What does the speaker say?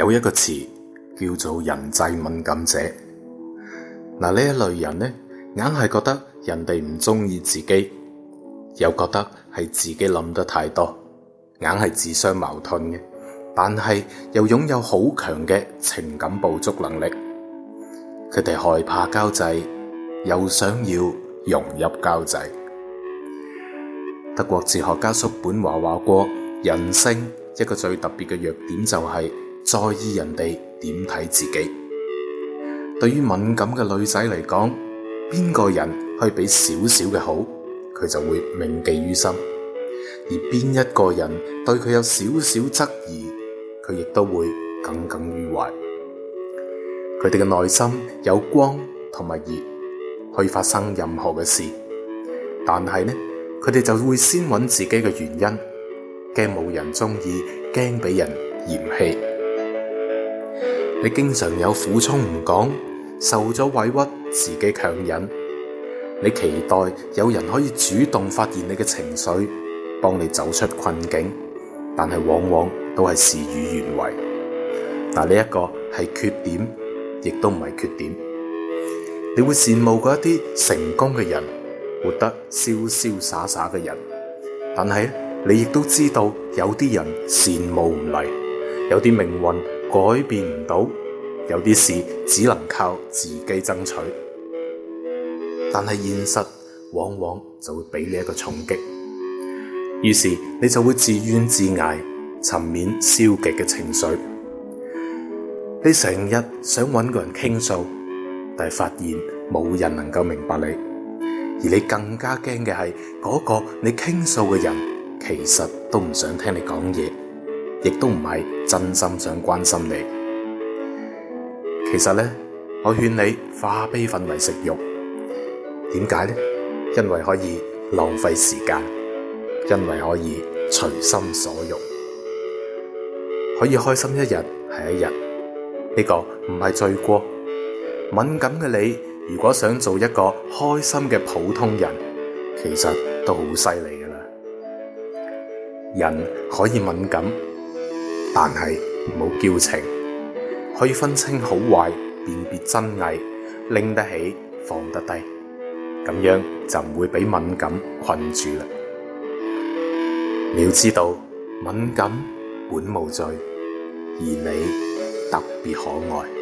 有一個詞叫做人際敏感者，嗱，呢一類人呢，硬係覺得人哋唔中意自己，又覺得係自己諗得太多，硬係自相矛盾嘅。但係又擁有好強嘅情感捕捉能力，佢哋害怕交際，又想要融入交際。德國哲學家叔本華話過，人性一個最特別嘅弱點就係，在意人哋點睇自己，對於敏感嘅女仔嚟講，邊個人可以俾少少嘅好，佢就會銘記於心；而邊一個人對佢有少少質疑，佢亦都會耿耿於懷。佢哋嘅內心有光同埋熱，可以發生任何嘅事，但係呢，佢哋就會先揾自己嘅原因，驚冇人中意，驚俾人嫌棄。你經常有苦衷唔講，受咗委屈自己強忍，你期待有人可以主動發現你嘅情緒，幫你走出困境，但係往往都係事與願違。但呢一個係缺點，亦都唔係缺點。你會羨慕嗰一啲成功嘅人，活得瀟瀟灑灑嘅人，但係你亦都知道有啲人羨慕唔嚟，有啲命運。改變唔到，有啲事只能靠自己爭取。但係現實往往就會俾你一個重擊，於是你就會自怨自艾，沉湎消極嘅情緒。你成日想搵個人傾訴，但係發現冇人能夠明白你，而你更加驚嘅係，嗰個你傾訴嘅人其實都唔想聽你講嘢。亦都唔係真心想關心你。其實呢，我勸你化悲憤為食欲。點解呢？因為可以浪費時間，因為可以隨心所欲，可以開心一日係一日。呢個唔係罪過。敏感嘅你，如果想做一個開心嘅普通人，其實都好犀利噶啦。人可以敏感。但係冇矯情，可以分清好壞，辨別真偽，拎得起，放得低，咁樣就唔會畀敏感困住啦。你要知道，敏感本無罪，而你特別可愛。